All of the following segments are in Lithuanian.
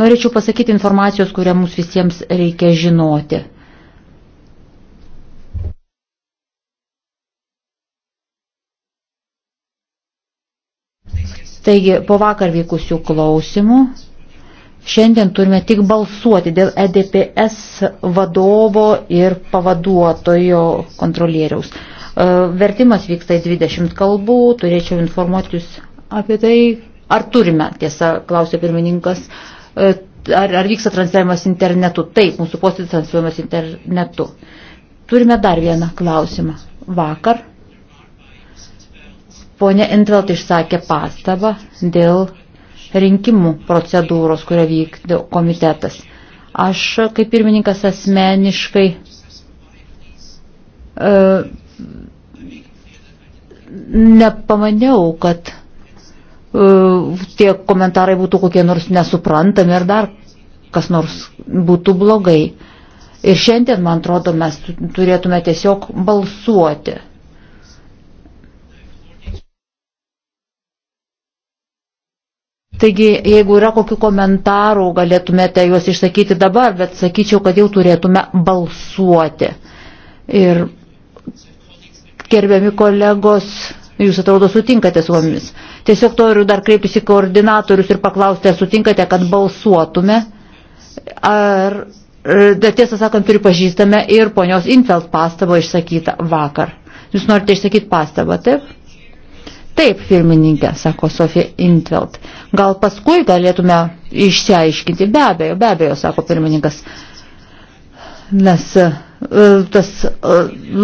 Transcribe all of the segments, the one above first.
Norėčiau pasakyti informacijos, kurią mums visiems reikia žinoti. Taigi, po vakar vykusių klausimų, šiandien turime tik balsuoti dėl EDPS vadovo ir pavaduotojo kontrolieriaus. E, vertimas vyksta į 20 kalbų, turėčiau informuoti jūs apie tai, ar turime, tiesa, klausė pirmininkas, uh, E, ar, ar vyksta transliavimas internetu? Taip, mūsų posėdis transliuojamas internetu. Turime dar vieną klausimą. Vakar ponė Entvelt išsakė pastabą dėl rinkimų procedūros, kurią vykdė komitetas. Aš kaip pirmininkas asmeniškai e, nepamaniau, kad E, tie komentarai būtų kokie nors nesuprantami ir dar kas nors būtų blogai. Ir šiandien, man atrodo, mes turėtume tiesiog balsuoti. Taigi, jeigu yra kokių komentarų, galėtumėte juos išsakyti dabar, bet sakyčiau, kad jau turėtume balsuoti. Ir gerbiami kolegos, Jūs atrodo sutinkate su mumis. Tiesiog noriu dar kreiptis į koordinatorius ir paklausti, ar sutinkate, kad balsuotume. Ar, e, tiesą sakant, pripažįstame ir ponios Infeld pastabą išsakytą vakar. Jūs norite išsakyti pastabą, taip? Taip, pirmininkė, sako Sofija Intveld. Gal paskui galėtume išsiaiškinti, be abejo, be abejo, sako pirmininkas. Nes E, tas e,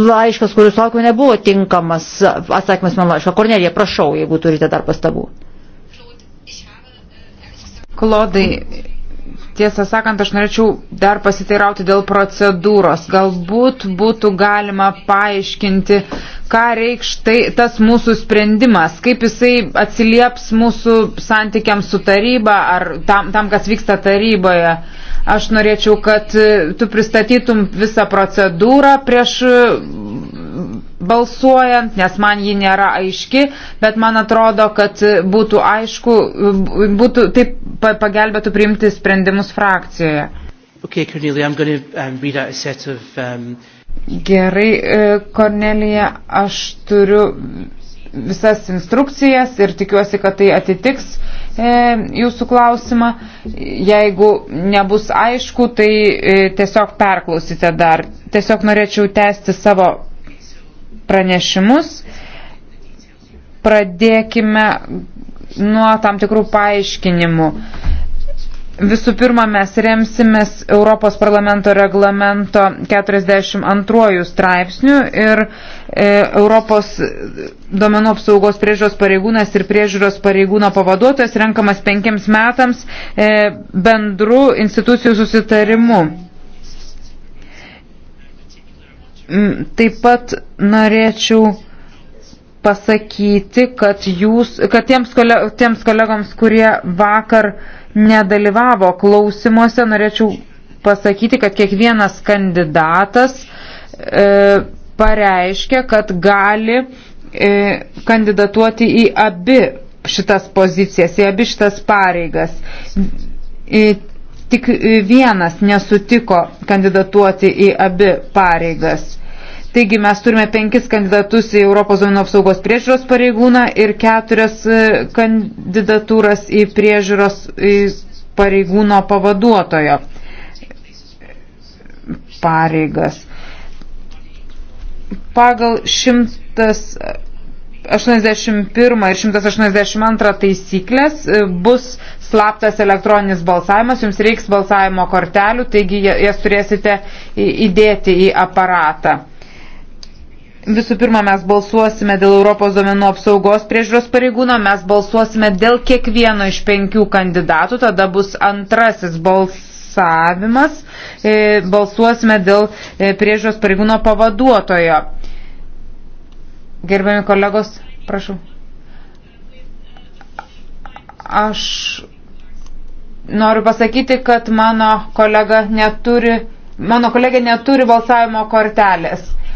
laiškas, kuris laukiu, nebuvo tinkamas atsakymas mano laišką. Kornelija, prašau, jeigu turite dar pastabų. Klodai, tiesą sakant, aš norėčiau dar pasiteirauti dėl procedūros. Galbūt būtų galima paaiškinti, ką reikš tai, tas mūsų sprendimas, kaip jisai atsilieps mūsų santykiams su taryba ar tam, tam kas vyksta taryboje. Aš norėčiau, kad tu pristatytum visą procedūrą prieš balsuojant, nes man ji nėra aiški, bet man atrodo, kad būtų aišku, būtų taip pagelbėtų priimti sprendimus frakcijoje. Okay, Cornelia, I'm going to um, read out a set of. Um... Gerai, Kornelija, e, aš turiu visas instrukcijas ir tikiuosi, kad tai atitiks e, jūsų klausimą. Jeigu nebus aišku, tai e, tiesiog perklausite dar. Tiesiog norėčiau tęsti savo pranešimus. Pradėkime nuo tam tikrų paaiškinimų. Visų pirma, mes remsimės Europos parlamento reglamento 42 straipsnių ir e, Europos domenų apsaugos priežiūros pareigūnas ir priežiūros pareigūno pavaduotojas renkamas penkiams metams e, bendrų institucijų susitarimu. Mm, taip pat norėčiau pasakyti, kad, jūs, kad tiems, kole, tiems kolegoms, kurie vakar nedalyvavo klausimuose, norėčiau pasakyti, kad kiekvienas kandidatas e, pareiškia, kad gali e, kandidatuoti į abi šitas pozicijas, į abi šitas pareigas. E, tik vienas nesutiko kandidatuoti į abi pareigas. Taigi mes turime penkis kandidatus į Europos duomenų apsaugos priežiūros pareigūną ir keturias e, kandidatūras į priežiūros pareigūno pavaduotojo pareigas. Pagal 181 ir 182 taisyklės e, bus slaptas elektroninis balsavimas, jums reiks balsavimo kortelių, taigi jas turėsite įdėti į aparatą. Visų pirma, mes balsuosime dėl Europos domenų apsaugos priežiūros pareigūno, mes balsuosime dėl kiekvieno iš penkių kandidatų, tada bus antrasis balsavimas, e, balsuosime dėl e, priežiūros pareigūno pavaduotojo. Gerbiami kolegos, prašau. Aš noriu pasakyti, kad mano kolega neturi, mano kolegė neturi balsavimo kortelės.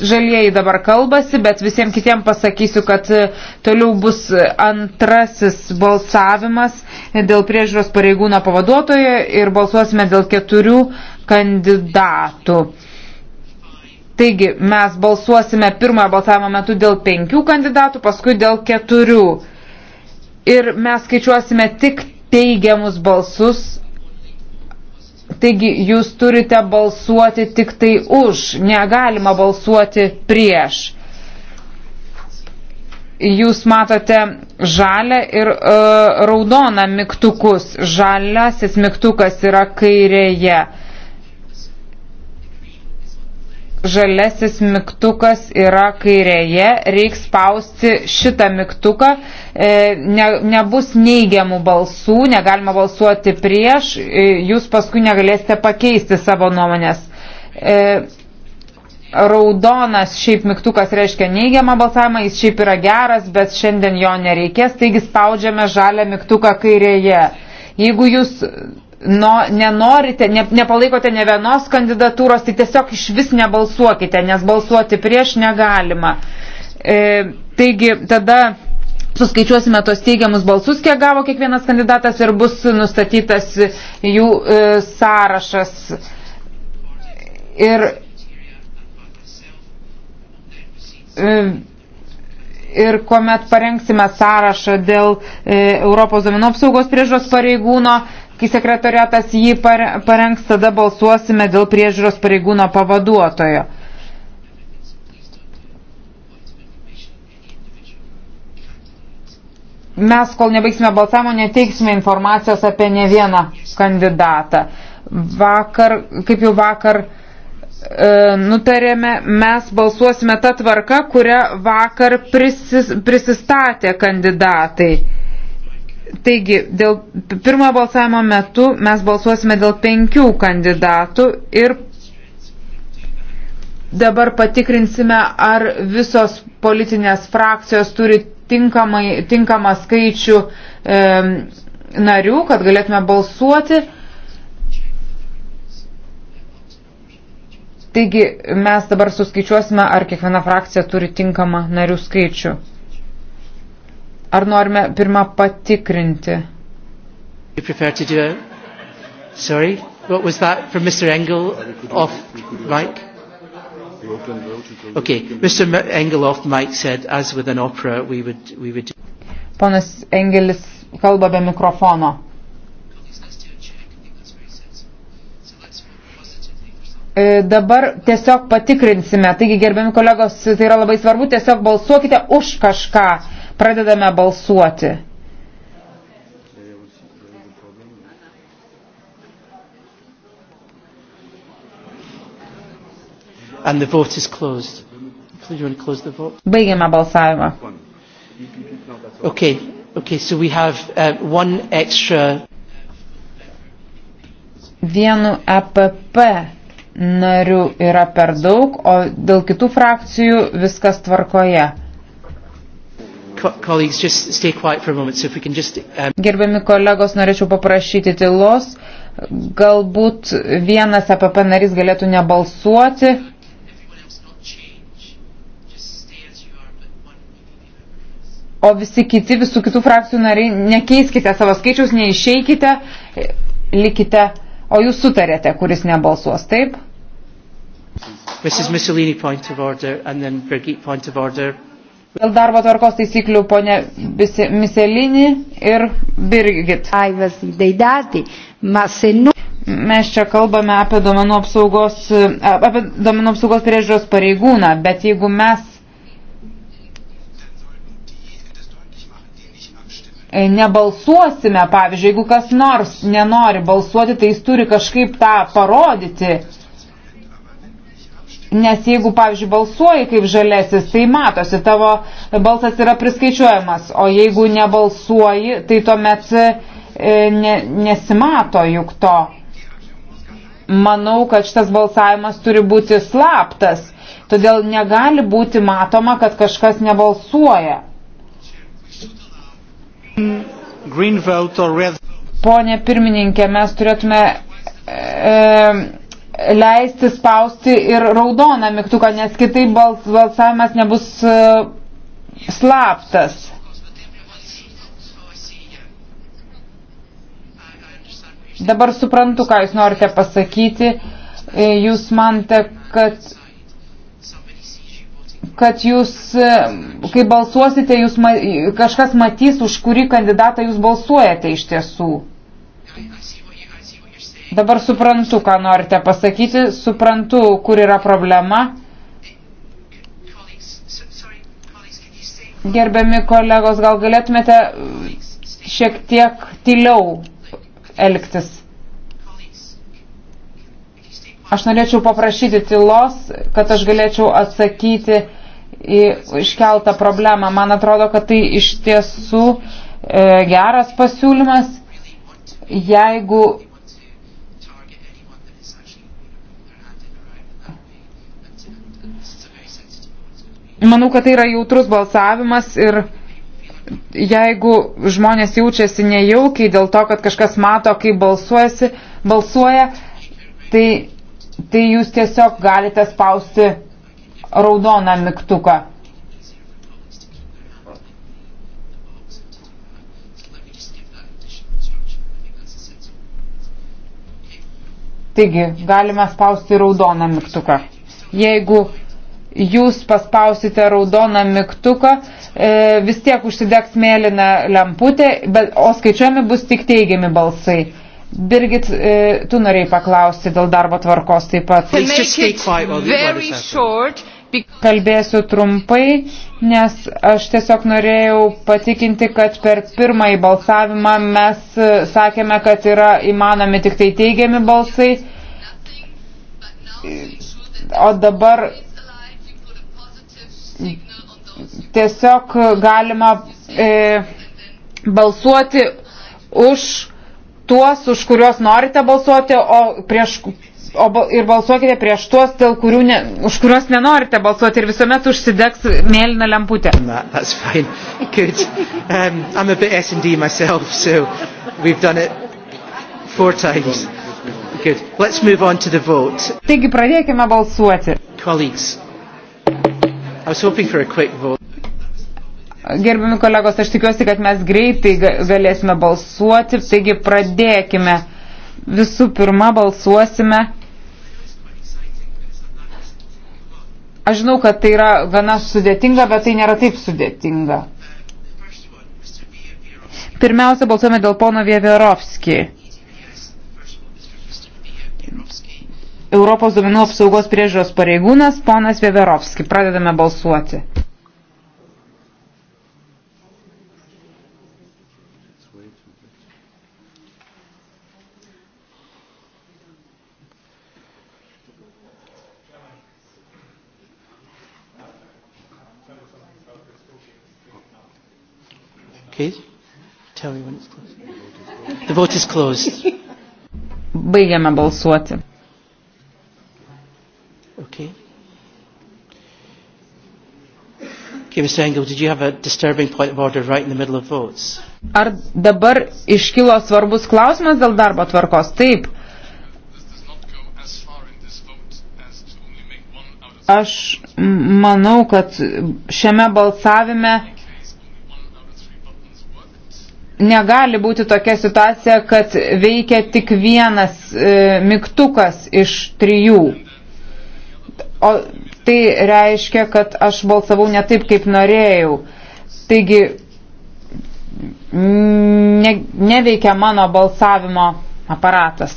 žalieji dabar kalbasi, bet visiems kitiems pasakysiu, kad e, toliau bus e, antrasis balsavimas dėl priežiūros pareigūno pavaduotojo ir balsuosime dėl keturių kandidatų. Taigi, mes balsuosime pirmojo balsavimo metu dėl penkių kandidatų, paskui dėl keturių. Ir mes skaičiuosime tik teigiamus balsus Taigi jūs turite balsuoti tik tai už, negalima balsuoti prieš. Jūs matote žalę ir e, raudoną mygtukus. Žaliasis mygtukas yra kairėje. E, žalesis mygtukas yra kairėje, reiks spausti šitą mygtuką, e, ne, nebus neigiamų balsų, negalima balsuoti prieš, e, jūs paskui negalėsite pakeisti savo nuomonės. E, raudonas šiaip mygtukas reiškia neigiamą balsavimą, jis šiaip yra geras, bet šiandien jo nereikės, taigi spaudžiame žalę mygtuką kairėje. Jeigu jūs no, nenorite, ne, nepalaikote ne vienos kandidatūros, tai tiesiog iš vis nebalsuokite, nes balsuoti prieš negalima. E, taigi tada suskaičiuosime tos teigiamus balsus, kiek gavo kiekvienas kandidatas ir bus nustatytas jų e, sąrašas. Ir, e, ir kuomet parengsime sąrašą dėl e, Europos domino apsaugos priežos pareigūno, e, Kai sekretoriatas jį parengs, tada balsuosime dėl priežiūros pareigūno pavaduotojo. Mes, kol nebaigsime balsavimo, neteiksime informacijos apie ne vieną kandidatą. Vakar, kaip jau vakar, e, nutarėme, mes balsuosime tą tvarką, kurią vakar prisis, prisistatė kandidatai. Taigi, dėl pirmojo balsavimo metu mes balsuosime dėl penkių kandidatų ir dabar patikrinsime, ar visos politinės frakcijos turi tinkamai, tinkamą skaičių e, narių, kad galėtume balsuoti. Taigi mes dabar suskaičiuosime, ar kiekviena frakcija turi tinkamą narių skaičių. Ar norime pirmą patikrinti? Sorry, what was that from Mr. Engel off mic? Okay, Mr. Engel off mic said, as with an opera, we would, we would. Ponas Engelis kalba be mikrofono. E, dabar tiesiog patikrinsime. Taigi, gerbiami kolegos, tai yra labai svarbu, tiesiog balsuokite už kažką. Pradedame balsuoti. And the vote is closed. Please, you want to close the vote? Baigiame balsavimą. Okay, okay, so we have uh, one extra. Vienu EPP narių yra per daug, o dėl kitų frakcijų viskas tvarkoje colleagues, just stay quiet for a moment, so if we can just... Um... Gerbiami kolegos, norėčiau paprašyti tylos. Galbūt vienas APP e narys galėtų nebalsuoti. O visi kiti, visų kitų frakcijų nariai, nekeiskite savo skaičiaus, neišeikite, likite, o jūs sutarėte, kuris nebalsuos, taip? Mrs. Mussolini, point of order, and then Birgit, point of order. Dėl darbo tvarkos taisyklių ponė Miselini ir Birgit. Nu- mes čia kalbame apie domenų apsaugos, apie domenų apsaugos priežiūros pareigūną, bet jeigu mes nebalsuosime, pavyzdžiui, jeigu kas nors nenori balsuoti, tai jis turi kažkaip tą parodyti Nes jeigu, pavyzdžiui, balsuoji kaip žalesis, tai matosi, tavo balsas yra priskaičiuojamas, o jeigu nebalsuoji, tai tuomet e, ne, nesimato juk to. Manau, kad šitas balsavimas turi būti slaptas, todėl negali būti matoma, kad kažkas nebalsuoja. Pone pirmininkė, mes turėtume. E, leisti spausti ir raudoną mygtuką, nes kitaip bals, balsavimas nebus e, slaptas. Dabar suprantu, ką jūs norite pasakyti. E, jūs mante, kad kad jūs, e, kai balsuosite, jūs ma, kažkas matys, už kurį kandidatą jūs balsuojate iš tiesų. Dabar suprantu, ką norite pasakyti, suprantu, kur yra problema. Gerbiami kolegos, gal galėtumėte mm, šiek tiek tyliau elgtis. Aš norėčiau paprašyti tylos, kad aš galėčiau atsakyti į iškeltą problemą. Man atrodo, kad tai iš tiesų e, geras pasiūlymas. Jeigu Manau, kad tai yra jautrus balsavimas ir jeigu žmonės jaučiasi nejaukiai dėl to, kad kažkas mato, kaip balsuoja, tai, tai jūs tiesiog galite spausti raudoną mygtuką. Taigi, galime spausti raudoną mygtuką. Jeigu jūs paspausite raudoną mygtuką, e, vis tiek užsidegs mėlyną lemputę, bet, o skaičiuojami bus tik teigiami balsai. Birgit, e, tu norėjai paklausti dėl darbo tvarkos taip pat. Kalbėsiu trumpai, nes aš tiesiog norėjau patikinti, kad per pirmąjį balsavimą mes e, sakėme, kad yra įmanomi tik tai teigiami balsai. E, o dabar tiesiog galima e, balsuoti už tuos, už kuriuos norite balsuoti, o prieš, o, ir balsuokite prieš tuos, dėl kurių ne, už kuriuos nenorite balsuoti ir visuomet užsidegs mėlyna lemputė. That, that's fine. Good. Um, I'm a bit S&D myself, so we've done it four times. Good. Let's move on to the vote. Taigi pradėkime balsuoti. Colleagues, Gerbiami kolegos, aš tikiuosi, kad mes greitai galėsime balsuoti, taigi pradėkime. Visų pirma, balsuosime. Aš žinau, kad tai yra gana sudėtinga, bet tai nėra taip sudėtinga. Pirmiausia, balsuojame dėl pono Vieverovskijai. Europos duomenų apsaugos priežiūros pareigūnas ponas Veverovski. Pradedame balsuoti. Please tell me when it's closed. The vote is closed. Baigiame balsuoti. Okay. Okay, Mr. Engel, did you have a disturbing point of order right in the middle of votes? Ar dabar iškilo svarbus klausimas dėl darbo tvarkos? Taip. Aš manau, kad šiame balsavime negali būti tokia situacija, kad veikia tik vienas e, mygtukas iš trijų o tai reiškia, kad aš balsavau ne taip, kaip norėjau. Taigi ne, neveikia mano balsavimo aparatas.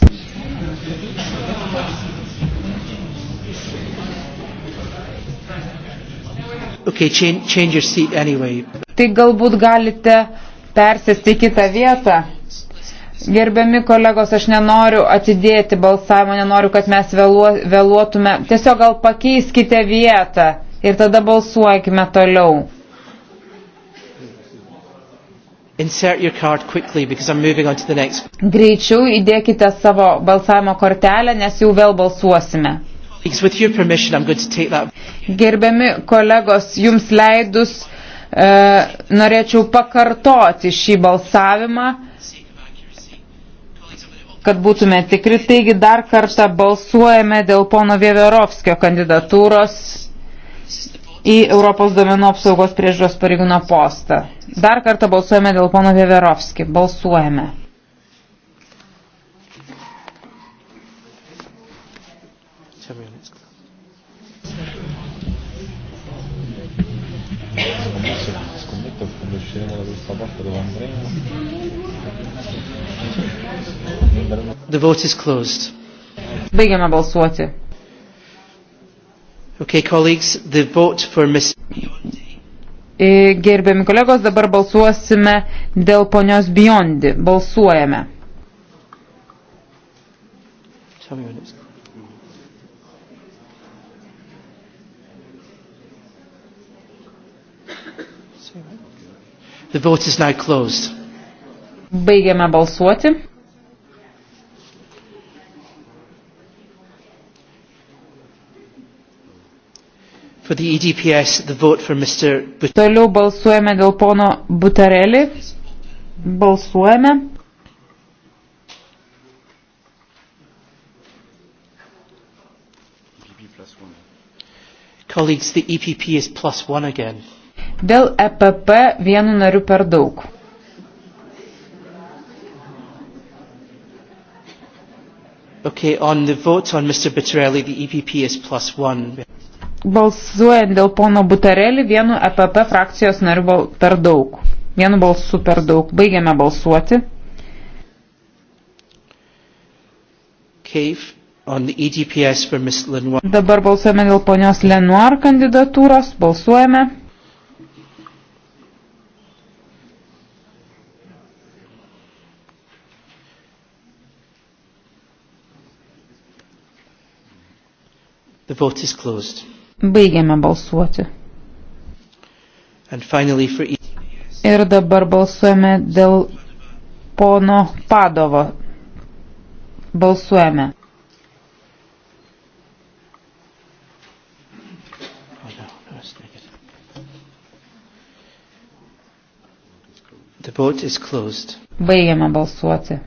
Okay, change, change your seat anyway. Tai galbūt galite persėsti kitą vietą. Gerbiami kolegos, aš nenoriu atidėti balsavimo, nenoriu, kad mes vėluo, vėluotume. Tiesiog gal pakeiskite vietą ir tada balsuokime toliau. Insert your card quickly because I'm moving on to the next. Greičiau įdėkite savo balsavimo kortelę, nes jau vėl balsuosime. With your permission, I'm going to take that. Gerbiami kolegos, jums leidus, e, norėčiau pakartoti šį balsavimą kad būtume tikri. Taigi dar kartą balsuojame dėl pono Vieverovskio kandidatūros į Europos domenų apsaugos priežiūros pareigūno postą. Dar kartą balsuojame dėl pono Vieverovskį. Balsuojame. Thank you. The vote is closed. Baigiame balsuoti. Okay, colleagues, the vote for Ms. E, gerbiami kolegos, dabar balsuosime dėl ponios Biondi. Balsuojame. Tell me when it's The vote is now closed. Baigiame balsuoti. For the EDPS, the vote for Mr. But Toliau balsuojame dėl pono Butarelį. Balsuojame. Colleagues, the EPP is plus one again. Dėl EPP vienu nariu per daug. Okay, on the vote on Mr. Buttarelli, the EPP is plus one. Balsuojant dėl pono Buttarelli, vienu EPP frakcijos nariu per daug. Vienu balsu per daug. Baigiame balsuoti. Cave on the EDPS for Ms. Lenoir. Dabar balsuojame dėl ponios Lenoir kandidatūros. Balsuojame. Baigiame balsuoti. For... Ir dabar balsuojame dėl pono Padovo. Balsuojame. Oh, Baigiame balsuoti.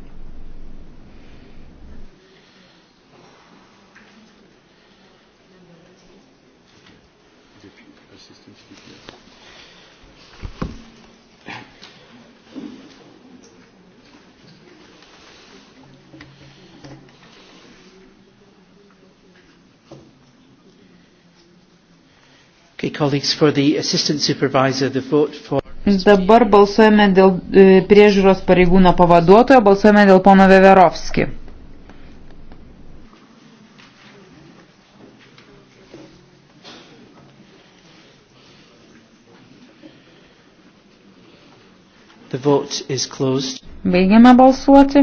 colleagues for the assistant supervisor, the vote for. Dabar balsuojame dėl e, priežiūros pareigūno pavaduotojo, balsuojame dėl pono Veverovski. The vote is closed. Baigiame balsuoti.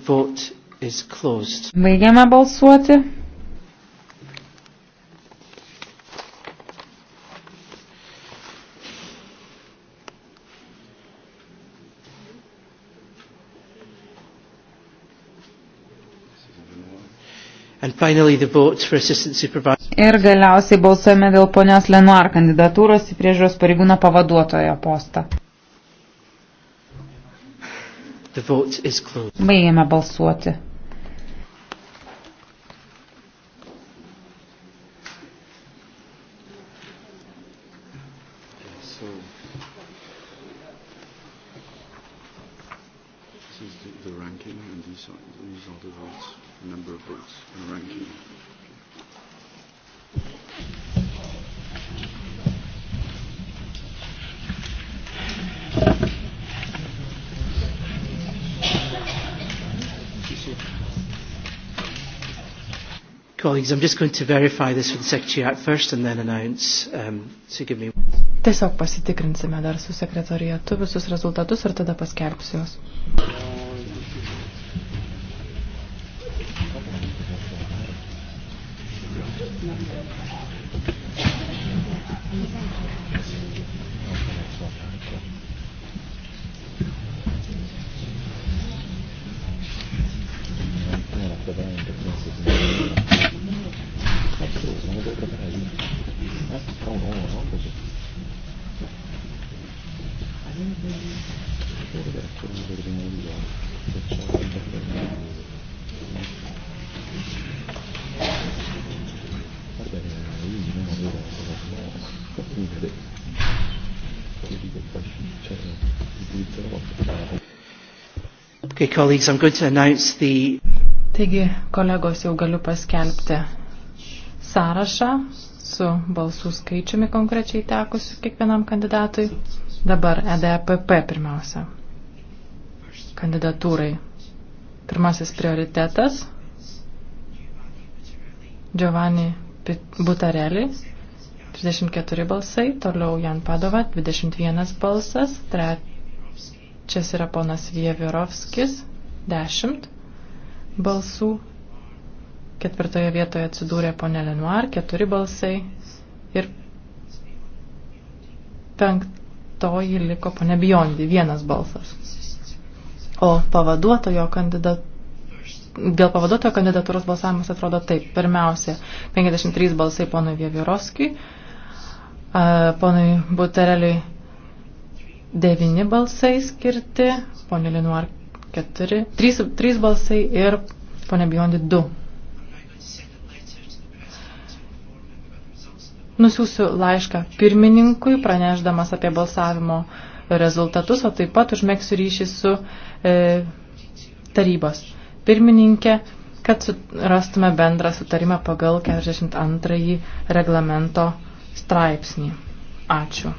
Baigiame balsuoti. Ir galiausiai balsuojame dėl ponios Lenuar kandidatūros į priežiūros pareigūno pavaduotojo postą. Baigiame balsuoti. the ranking and these are, these are the votes, number of votes and ranking. Colleagues, I'm just going to verify this with the Secretariat first and then announce. Um, so give me... Tiesiog pasitikrinsime dar su sekretariatu visus rezultatus ir tada paskelbsiu juos. Thank you. Okay, colleagues, I'm going to announce the... Taigi, kolegos, jau galiu paskelbti sąrašą su balsų skaičiumi konkrečiai tekusiu kiekvienam kandidatui. Dabar EDPP pirmiausia. Kandidatūrai. Pirmasis prioritetas. Giovanni Butarelli. 34 balsai, toliau Jan Padova 21 balsas, tre, Čia yra ponas Vievirovskis, 10 balsų. Ketvirtoje vietoje atsidūrė ponė Lenoir, 4 balsai. Ir penktoji liko ponė Biondi, vienas balsas. O pavaduotojo kandidatų dėl pavaduotojo kandidatūros balsavimas atrodo taip. Pirmiausia, 53 balsai ponui Vievirovskijui, ponui Butereliui 9 balsai skirti, ponė Linuar 4, 3, 3 balsai ir ponė Biondi 2. Nusiųsiu laišką pirmininkui, pranešdamas apie balsavimo rezultatus, o taip pat užmėgsiu ryšį su e, tarybos pirmininkė, kad rastume bendrą sutarimą pagal 42 reglamento straipsnį. Ačiū.